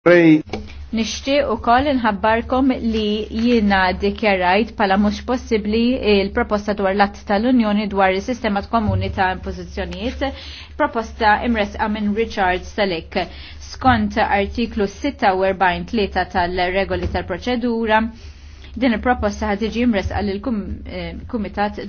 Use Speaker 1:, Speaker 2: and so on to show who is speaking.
Speaker 1: Rej.
Speaker 2: Nishtiq u koll nħabbarkom li jina dikjarajt pala mux possibli il-proposta dwar l-att tal-Unjoni dwar il-sistema komuni ta' impożizzjonijiet, proposta imres minn Richard Salik. Skont artiklu 46 tal-regoli tal-proċedura, din il-proposta ħadġi
Speaker 3: imres għal-Kumitat eh, dwar